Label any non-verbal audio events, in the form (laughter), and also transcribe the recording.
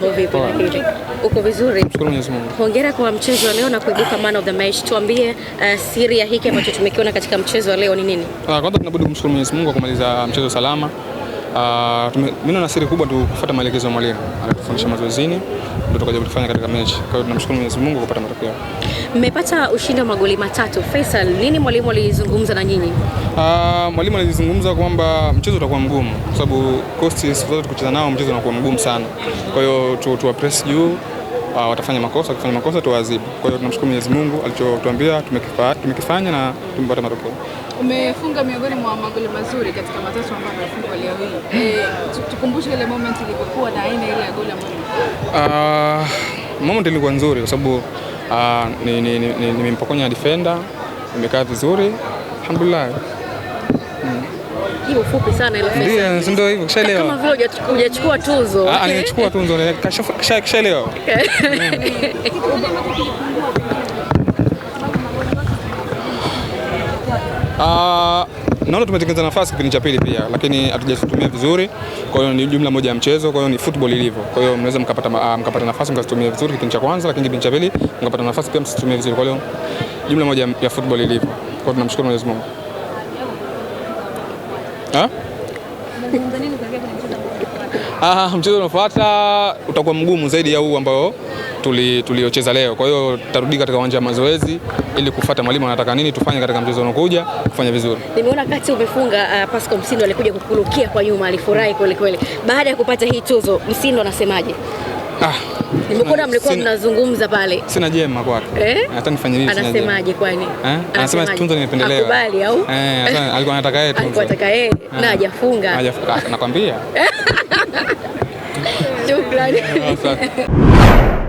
Mambo vipi Uko vizuri? Mshukuru Mwenyezi Mungu. Hongera kwa mchezo wa leo na kuibuka man of the match. Tuambie uh, siri ya hiki ambacho tumekiona katika mchezo wa leo ni nini? Ah, kwanza tunabudi kumshukuru Mwenyezi Mungu kwa kumaliza mchezo salama. Ah, mimi na siri kubwa tu kufuata maelekezo ya mwalimu. Alitufundisha mazoezini ndio tukajaribu kufanya katika mechi. Kwa hiyo tunamshukuru Mwenyezi Mungu kupata matokeo. Mmepata ushindi wa magoli matatu. Faisal, nini mwalimu alizungumza na nyinyi? Uh, mwalimu alizungumza kwamba mchezo utakuwa mgumu kwa sababu Coast zote tukicheza nao mchezo unakuwa mgumu sana. Kwa hiyo tu, tuwa press juu uh, watafanya makosa, wakifanya makosa tuwaadhibu. Kwa hiyo tunamshukuru Mwenyezi Mungu alichotuambia tumekifanya, tumekifanya na tumepata matokeo. Umefunga miongoni mwa magoli mazuri katika matatu ambayo umefunga leo hii. Eh, tukumbushe ile moment ilipokuwa na aina ile ya goli ambayo. Ah, moment ilikuwa nzuri kwa sababu Ah, nimempokonya defender, imekaa vizuri alhamdulillah. Hiyo Ndio hivyo kishaelewa. Kama vile hujachukua tuzo. Ah, nimechukua tuzo kishaelewa. (laughs) Ah naona tumetengeneza nafasi kipindi cha pili pia, lakini hatujazitumia vizuri. Kwa hiyo ni jumla moja ya mchezo, kwa hiyo ni football ilivyo. Kwa hiyo mnaweza mkapata, uh, mkapata nafasi mkazitumia vizuri kipindi cha kwanza, lakini kipindi cha pili mkapata nafasi pia msitumie vizuri. Kwa hiyo jumla moja ya football ilivyo. Kwa hiyo tunamshukuru Mwenyezi Mungu. Ah? Mchezo unaofuata utakuwa mgumu zaidi ya huu ambao tuliocheza tuli leo. Kwa hiyo tutarudi katika uwanja wa mazoezi ili kufuata mwalimu anataka nini tufanye katika mchezo unaokuja kufanya vizuri. Nimeona kati umefunga, uh, Pascal Msindo alikuja kukurukia kwa nyuma, alifurahi kweli kweli. Baada ya kupata hii tuzo, Msindo anasemaje? Ah, nimekuona mlikuwa mnazungumza pale. Sina jema kwake. Eh? eh? Hata nifanye nini? Anasemaje kwani? Eh? Anasema tunzo nimependelewa. Akubali au? Eh, (laughs) alikuwa anataka yeye tunzo. Alikuwa anataka yeye eh. na hajafunga. Hajafunga. Ah, nakwambia. (laughs) Shukrani. (laughs)